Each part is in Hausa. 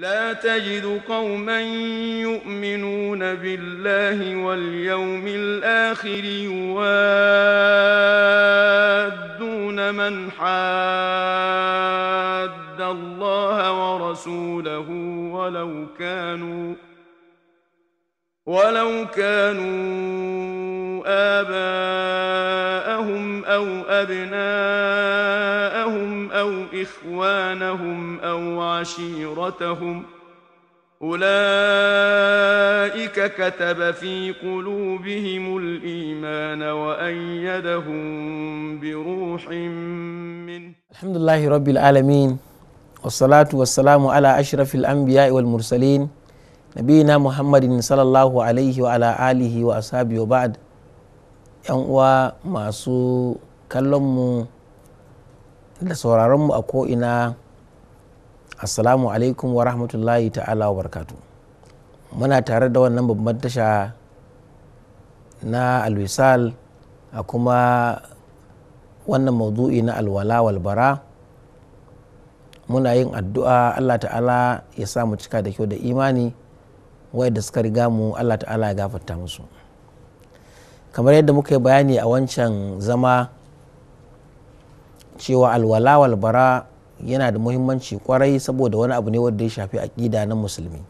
لا تجد قوما يؤمنون بالله واليوم الآخر يوادون من حاد الله ورسوله ولو كانوا ولو كانوا آباءهم أو أبناءهم أو إخوانهم أو عشيرتهم أولئك كتب في قلوبهم الإيمان وأيدهم بروح منه الحمد لله رب العالمين والصلاة والسلام على أشرف الأنبياء والمرسلين نبينا محمد صلى الله عليه وعلى آله وأصحابه وبعد 'yan uwa masu kallon mu da sauraron mu a ko'ina assalamu alaikum wa rahmatullahi ta'ala wa barkatu muna tare da wannan babban tasha na alwisal a kuma wannan maudu'i na alwala walbara muna yin addu'a allah ta'ala ya samu cika da kyau da imani wadda suka riga mu allah ta'ala ya gafarta musu kamar yadda muka yi bayani a wancan zama cewa alwala walbara yana da muhimmanci kwarai saboda wani abu ne wanda ya shafi aƙida na musulmi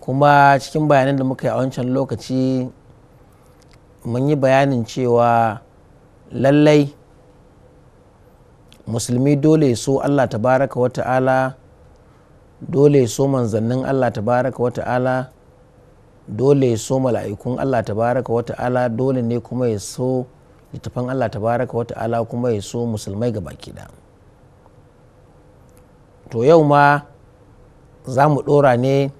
kuma cikin bayanan da muka yi a wancan lokaci mun yi bayanin cewa lallai musulmi dole so allah tabaraka ta'ala dole so manzannin allah tabaraka wata'ala dole ya so mala'ikun Allah tabaraka wa ta'ala dole ne kuma ya so littafan Allah tabaraka wa ta'ala kuma ya so musulmai ga baki da to yau ma za mu ɗora ne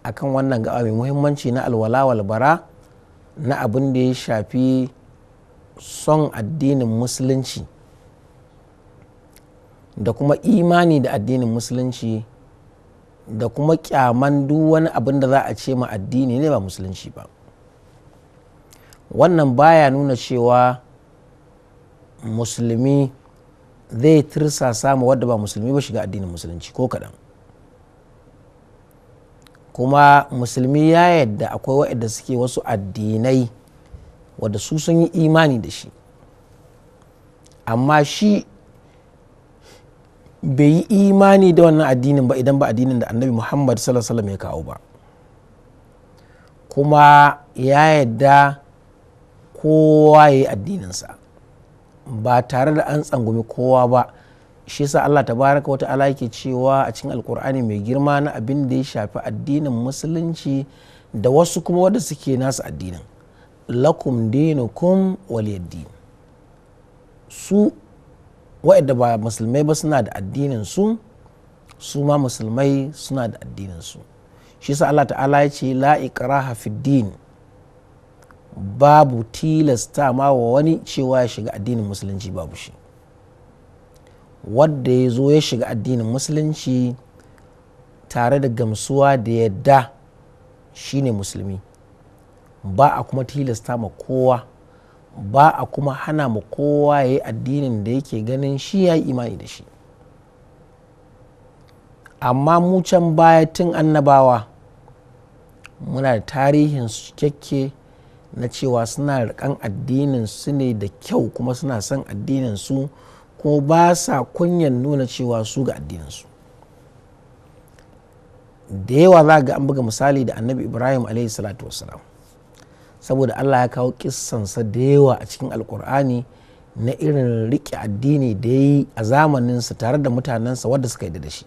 akan wannan gaba mai muhimmanci na alwala walbara na abin da ya shafi son addinin musulunci da kuma imani da addinin musulunci da kuma kyaman duk wani abin da za a ce ma addini ne ba musulunci ba wannan baya nuna cewa musulmi zai tirsa samu wadda ba musulmi ba shiga addinin musulunci ko kaɗan kuma musulmi ya yadda akwai waɗanda suke wasu addinai wadda su sun yi imani da shi amma shi bai yi imani da wannan addinin ba idan ba addinin da annabi muhammad sallallahu ya kawo ba kuma ya yadda kowa ya yi addininsa ba tare da an tsangumi kowa ba shi sa allah tabaraka wata ala yake cewa a cikin alkur'ani mai girma na abin da ya shafi addinin musulunci da wasu kuma wadda suke nasu addinin lakum dinukum waliyaddin su waɗanda ba musulmai ba suna da addinin su su ma musulmai suna da addinin su shi sa Allah ta'ala ya ce la ikraha babu tilasta ma wa wani cewa ya shiga addinin musulunci babu shi wadda ya zo ya shiga addinin musulunci tare da gamsuwa da yadda shine musulmi ba a kuma tilasta ma kowa ba a kuma hana mu kowa ya yi addinin da yake ganin shi ya yi imani da shi amma mu can baya tun annabawa muna da tarihin cikakke na cewa suna rikan addinin su ne da kyau kuma suna son addinin su ko ba sa kunyan nuna cewa su ga addinin su da yawa za ga an buga misali da annabi ibrahim alaihi salatu saboda Allah ya kawo kissansa da yawa a cikin alkur'ani na irin riƙe addini da ya yi a zamaninsa tare da mutanensa wadda suka yi da shi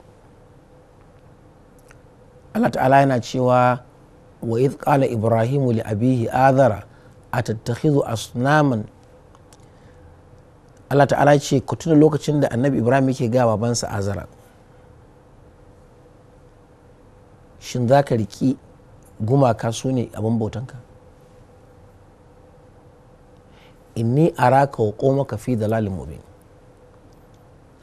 Allah ta'ala yana cewa wa idh qala ibrahimu li abihi adhara atattakhidhu asnaman Allah ta'ala ce ku tuna lokacin da annabi ibrahim yake ga babansa azara shin za ka riƙi gumaka su ne abin bautanka inni araka wa koma ka fi dalalin mubin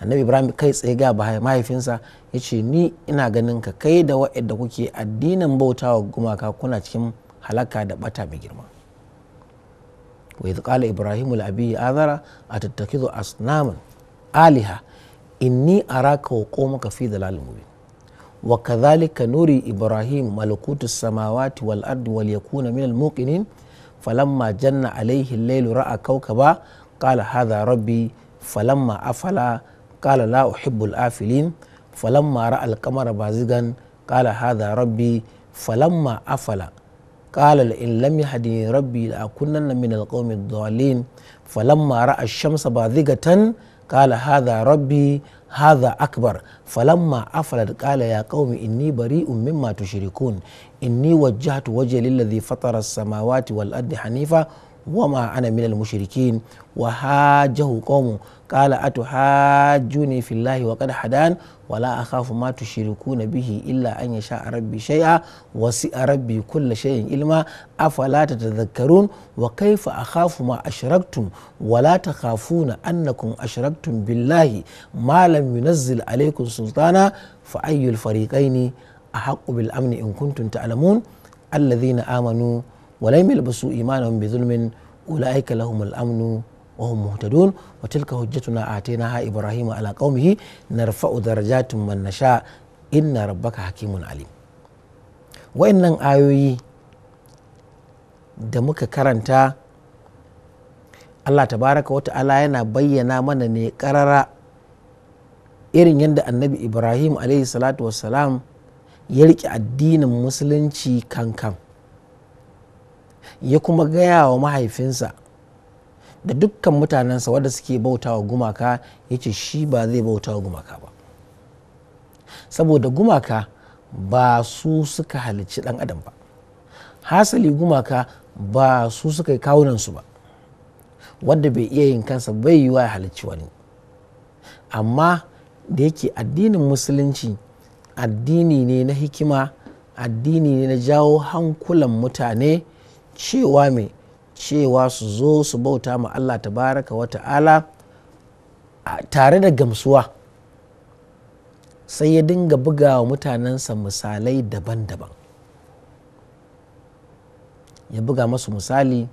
annabi ibrahim kai tsaye ga mahaifinsa ya ce ni ina ganin ka kai da wa'adda kuke addinin bautawa gumaka kuna cikin halaka da bata mai girma wa ibrahim li ya azara atattakhidhu asnaman aliha inni araka wa koma ka fi dalalin mubin wa kazalika nuri ibrahim malakutu samawati wal ardi wal yakuna minal muqinin فلما جن عليه الليل رأى كوكبا قال هذا ربي فلما أفل قال لا أحب الآفلين فلما رأى القمر بازغا قال هذا ربي فلما أفل قال لئن لم يهدني ربي لأكونن من القوم الضالين فلما رأى الشمس باذقة qala hadha rabbi hadha akbar falamma afalat qala ya qaumi inni bari'un mimma tushrikun inni wajjahtu waje lilladhi fatara as-samawati wal ardi hanifa wama ana minal mushrikin wa hajjahu atu qala atuhajjuni fillahi wa hadan wala akhafu ma na bihi illa an ya sha a rabbi shai'a wasi rabbi kulla shay'in ilma afala tadhakkarun wa kaifa akhafu ma ashraktum wala ta takhafuna annakum ashraktum billahi malam lam yunazzil alaykum fa'ayyul fa ayyul fariqaini ahaqqu bil amni in kuntum ta'lamun alladhina amanu wa lam yalbasu imanahum bi dhulmin ulaika lahumul amnu وهم مهتدون وتلك حجتنا آتيناها إبراهيم على قومه نرفع درجات من نشاء إن ربك حكيم عليم وإن آيوي da muka karanta Allah tabaraka wa ta'ala yana bayyana mana ne karara irin yadda annabi Ibrahim alaihi salatu wassalam ya riƙe addinin musulunci kankan ya kuma gaya wa mahaifinsa da dukkan mutanensa wadda suke bautawa gumaka ya ce shi ba zai bauta wa gumaka ba saboda gumaka ba su suka halicci dan adam ba hasali gumaka ba su suka yi kawunansu ba wadda bai iya yin kansa bai yiwa ya halicci wani amma da yake addinin musulunci addini ne na hikima addini ne na jawo hankulan mutane cewa mai cewa su zo su bauta ma Allah tabaraka wa ta'ala tare da gamsuwa sai ya dinga buga wa mutanensa misalai daban-daban ya buga masu misali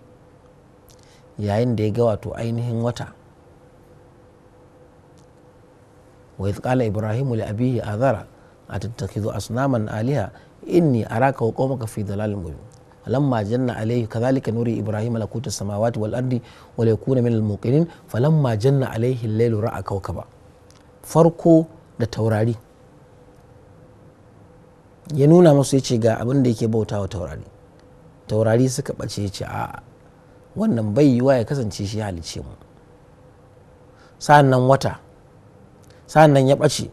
yayin da ya ga wato ainihin wata wa idh qala ibrahimu li abihi azara atattakhidhu asnaman aliha inni araka wa qaumaka fi dhalalin mubin lamma janna alaihi kadhalika nuri ibrahim malakutu samawati wal ardi wa yakuna min al muqinin falamma janna alaihi al-lailu ra'a kawkaba farko da taurari ya nuna musu yace ga abin da yake bautawa taurari taurari suka bace yace a wannan bai yiwa ya kasance shi halice mu sa'annan wata sa'annan ya bace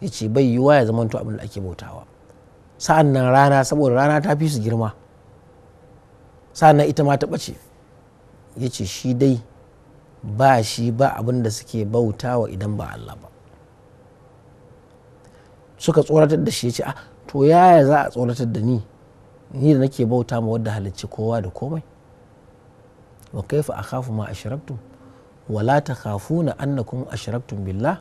yace bai wa ya zamanto abin da ake bautawa sannan rana saboda rana ta fi su girma sa'an ita ma ta ɓace ya ce shi dai ba shi ba abin da suke bautawa idan ba Allah ba suka tsoratar da shi ya ce a ah, to yaya za a tsoratar da ni ni da nake bauta ma wadda halicci kowa da komai wa kaifa kafu ma ashrabtum wala ta na annakum a billah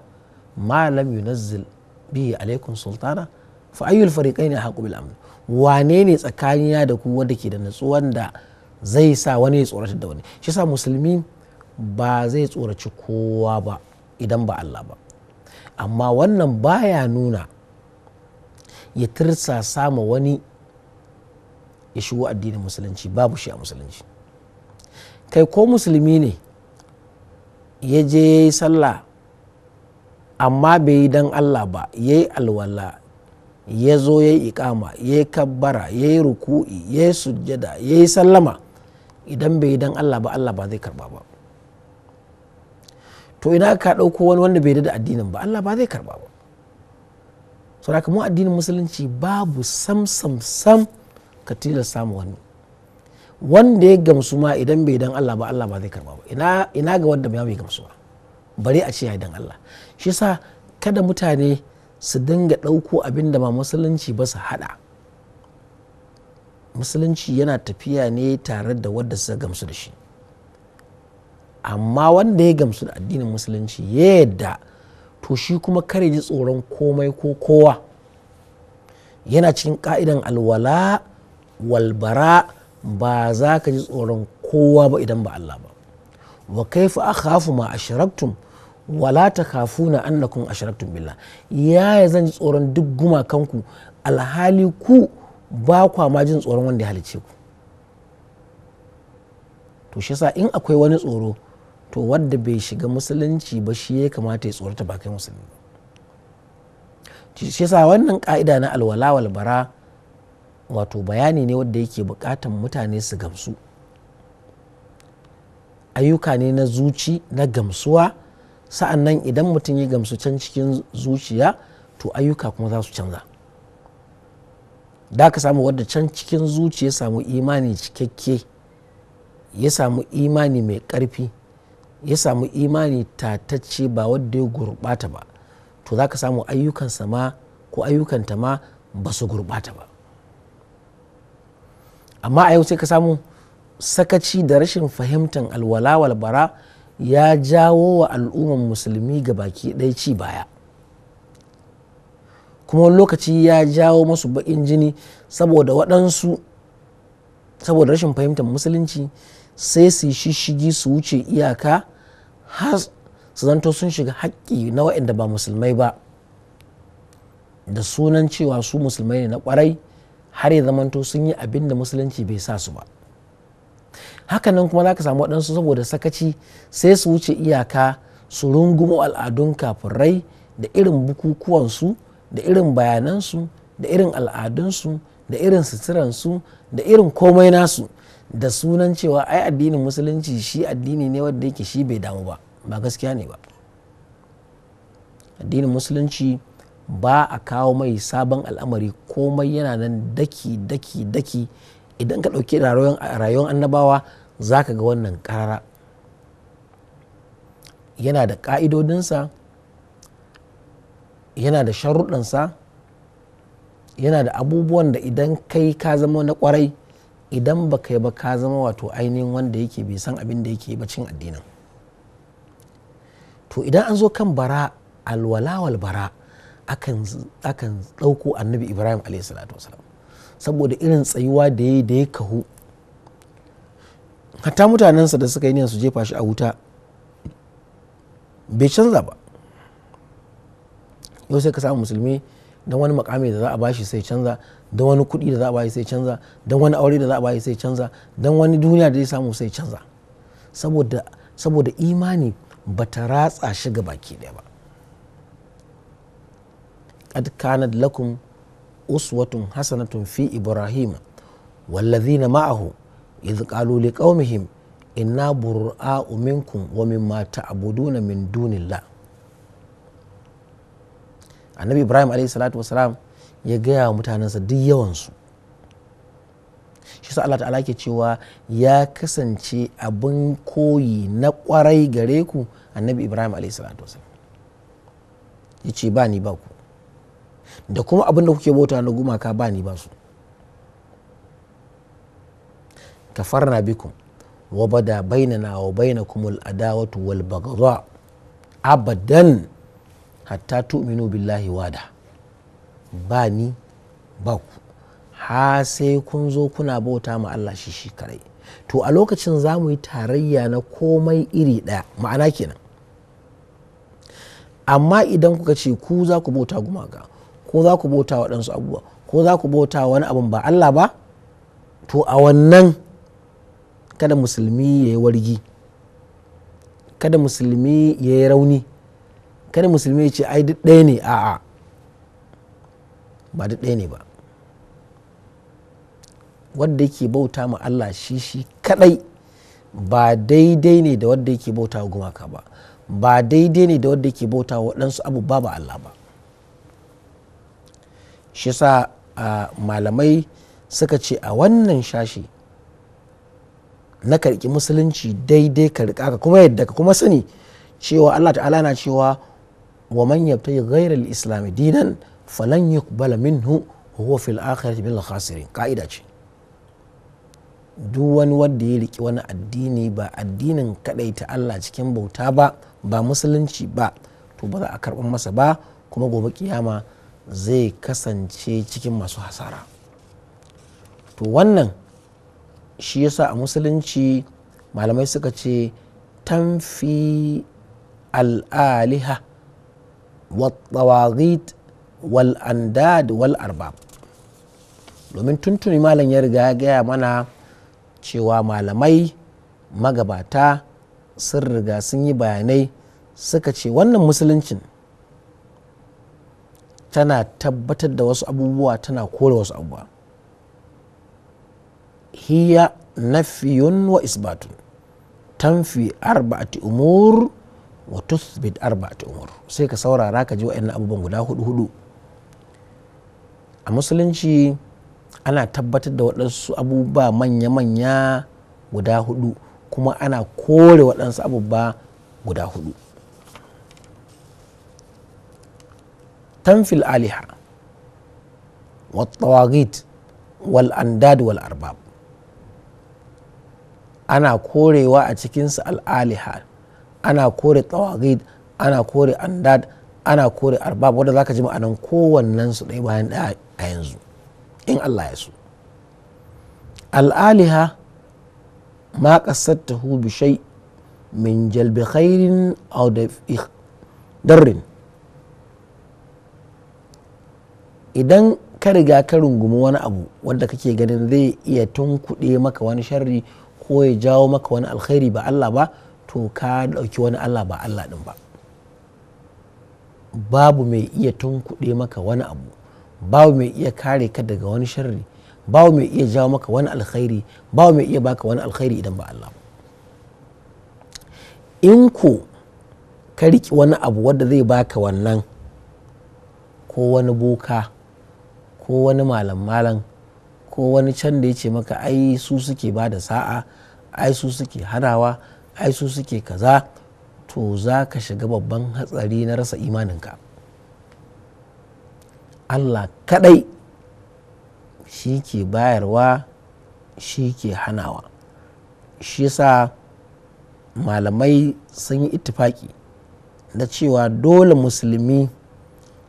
ma lam yunazzil bihi alaikum sultana fa ayyul fariqaini haqu bil amn wane ne tsakanina da ku wanda ke da natsuwan da zai sa wani ya tsorata da wani shi sa musulmi ba zai tsoraci kowa ba idan ba Allah ba amma wannan baya nuna ya tirsa sama wani ya shigo addinin musulunci babu shi a musulunci kai ko musulmi ne ya je ya yi sallah amma bai yi don Allah ba ya yi alwala ya zo ya yi ikama ya yi kabbara ya yi ruku'i ya yi sujjada ya yi sallama idan bai yi dan Allah ba Allah ba zai karba ba to ina ka ɗauko wani wanda bai da addinin ba Allah ba zai karba ba so da mu addinin musulunci babu sam sam sam ka tilasta samu wani wanda ya gamsu ma idan bai dan Allah ba Allah ba zai karba ba ina ina ga wanda bai gamsu ba bare a ce ya dan Allah shi yasa kada mutane su dinga ɗauko abin da ba musulunci ba su haɗa musulunci yana tafiya ne tare da wadda suka gamsu da shi amma wanda ya gamsu da addinin musulunci ya yadda to shi kuma kare ji tsoron komai ko kowa yana cikin ka'idan alwala walbara ba za ka ji tsoron kowa ba idan ba Allah ba wa a akhafu ma ashraktum wala ta kafuna annakum ashiratun billah ya yi zan ji tsoron duk gumakanku alhali ku ba kwa ma jin tsoron wanda ya halice ku to shi sa in akwai wani tsoro to wadda bai shiga musulunci ba shi ya kamata ya tsorata ba kai musulmi shi sa wannan ka'ida na alwala walbara wato bayani ne wadda yake bukatan mutane su gamsu ayyuka ne na zuci na gamsuwa sa'an nan idan mutum ya gamsu can cikin zuciya to ayyuka kuma za su canza da ka samu wadda can cikin zuciya ya samu imani cikakke ya samu imani mai ƙarfi ya samu imani tatacce ba wadda ya gurbata ba to za ka samu ayyukansa ma ko ayyukanta ma ba su gurɓata ba amma a yau sai ka samu sakaci da rashin fahimtar alwala walbara bara ya jawo wa al'umman musulmi ga baki ɗaya ci baya kuma lokaci ya jawo masu baƙin jini saboda waɗansu saboda rashin fahimtar musulunci sai su yi shishigi su wuce iyaka har su zanto sun shiga haƙƙi na waɗanda ba musulmai ba da sunan cewa su musulmai ne na ƙwarai har ya zamanto sun yi abin da musulunci bai sa su ba. hakanan kuma za ka samu waɗansu saboda sakaci sai su wuce iyaka su rungumo al'adun kafirai da irin bukukuwansu da irin bayanansu da irin al'adunsu da irin suturansu da irin komai nasu da sunan cewa ai addinin musulunci shi addini ne wadda yake shi bai damu ba ba gaskiya ne ba addinin musulunci ba a kawo mai sabon al'amari komai yana nan daki daki daki idan ka ɗauki rayuwar annabawa za ka ga wannan karara yana da ƙa'idodinsa yana da sharuɗansa yana da abubuwan da idan kai ka zama na kwarai idan ba kai ba ka zama wato ainihin wanda yake bai san abin da yake bacin addinin to idan an zo kan bara alwalawal bara akan ɗauko annabi ibrahim a.s. saboda irin tsayuwa da ya da ya kahu hatta mutanensa da suka yi niyan su jefa shi a wuta bai canza ba yau sai ka samu musulmi don wani makami da za a bashi sai canza don wani kuɗi da za a bashi sai canza don wani aure da za a bashi sai canza don wani duniya da zai samu sai canza saboda imani ba ta ratsa shi ga baki ɗaya ba qad lakun lakum uswatun hasanatun fi ibrahim wallazina ma'ahu idh qalu liqaumihim inna bura minkum wa mimma ta'buduna min dunillah annabi ibrahim alayhi salatu ya gaya wa mutanensa duk yawansu shi sa Allah ta'ala ke cewa ya kasance abin koyi na kwarai gare ku annabi ibrahim alayhi salatu ya ce ba ni ba ku da kuma abin da kuke bauta na gumaka ba ni ba su kafarna biku wa bada bainana wa bainakum al-adawatu wal baghdha abadan hatta tu'minu billahi wada ba ni ba ku ha sai kun zo kuna bauta ma Allah shi shi karai to a lokacin za mu yi tarayya na komai iri ɗaya ma'ana kenan amma idan kuka ce ku za ku bauta gumaka ko za ku bauta waɗansu abubuwa ko za ku bauta wani abin ba Allah ba to a wannan kada musulmi ya yi wargi kada musulmi ya yi rauni kada musulmi ya ce ai duk ɗaya ne a'a ba duk ɗaya ne ba wadda yake bauta ma Allah shi shi kadai ba daidai ne da wadda yake bauta wa gumaka ba ba daidai ne da wadda yake bauta wa waɗansu abubuwa ba Allah ba shi sa ah, malamai suka ce a wannan shashi na karki musulunci daidai karka ka kuma yadda ka kuma sani cewa Allah ta'ala na cewa wa man yabta ghayra al-islam dinan falan yuqbala minhu huwa fil akhirati al khasirin ka'ida ce duk wani wanda ya riki wani addini ba addinin kadai ta Allah cikin bauta ba ba musulunci ba to ba za a karɓan masa ba kuma gobe kiyama zai kasance cikin masu hasara to wannan shi yasa a musulunci malamai suka ce tanfi al'aliha wattawagit wal wal'andad wal domin tuntuni malam ya riga ya gaya mana cewa malamai magabata sun riga sun yi bayanai suka ce wannan musuluncin tana tabbatar da wasu abubuwa tana kore wasu abubuwa hiya nafiyun wa isbatun tanfi arba'ati umur wa tuthbit arba'ati umur sai ka saurara ka ji wa'annan abubuwan guda hudu hudu a musulunci ana tabbatar da waɗansu abubuwa manya-manya guda hudu kuma ana kore waɗansu abubuwa guda hudu tamfil aliha wa tawagit wal andad wal arbab ana korewa a cikinsu al'aliha ana kore tawagid ana kore andad ana kore arbab wanda ka ji ma'anan kowannen su ɗaya bayan ɗaya a yanzu in Allah ya so al'aliha ma qasadtahu bi shai min jalbi khairin da darrin idan ka riga ka rungumi wani abu wanda kake ganin zai iya tunkuɗe maka wani sharri ko ya jawo maka wani alkhairi ba Allah ba to ka ɗauki wani Allah ba Allah ɗin ba babu mai iya tunkuɗe maka wani abu babu mai iya kare ka daga wani sharri babu mai iya jawo maka wani alkhairi babu mai iya baka wani alkhairi idan ba Allah ba in ku ka riƙe wani abu wanda zai baka wannan ko wani boka ko wani malam-malam ko wani can da ya ce maka ai su suke ba da sa'a ai su suke hanawa ai su suke kaza to za ka shiga babban hatsari na rasa imaninka allah kadai shi ke bayarwa shi ke hanawa shi sa malamai sun yi ittifaki da cewa dole musulmi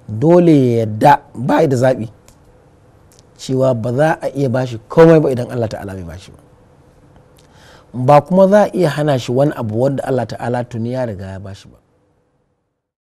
dole ya yadda ba da zaɓi cewa ba za a iya bashi komai ba idan allah ta'ala bai bashi ba ba kuma za a iya hana shi wani abu wanda Allah ta'ala tuni ya riga ya bashi ba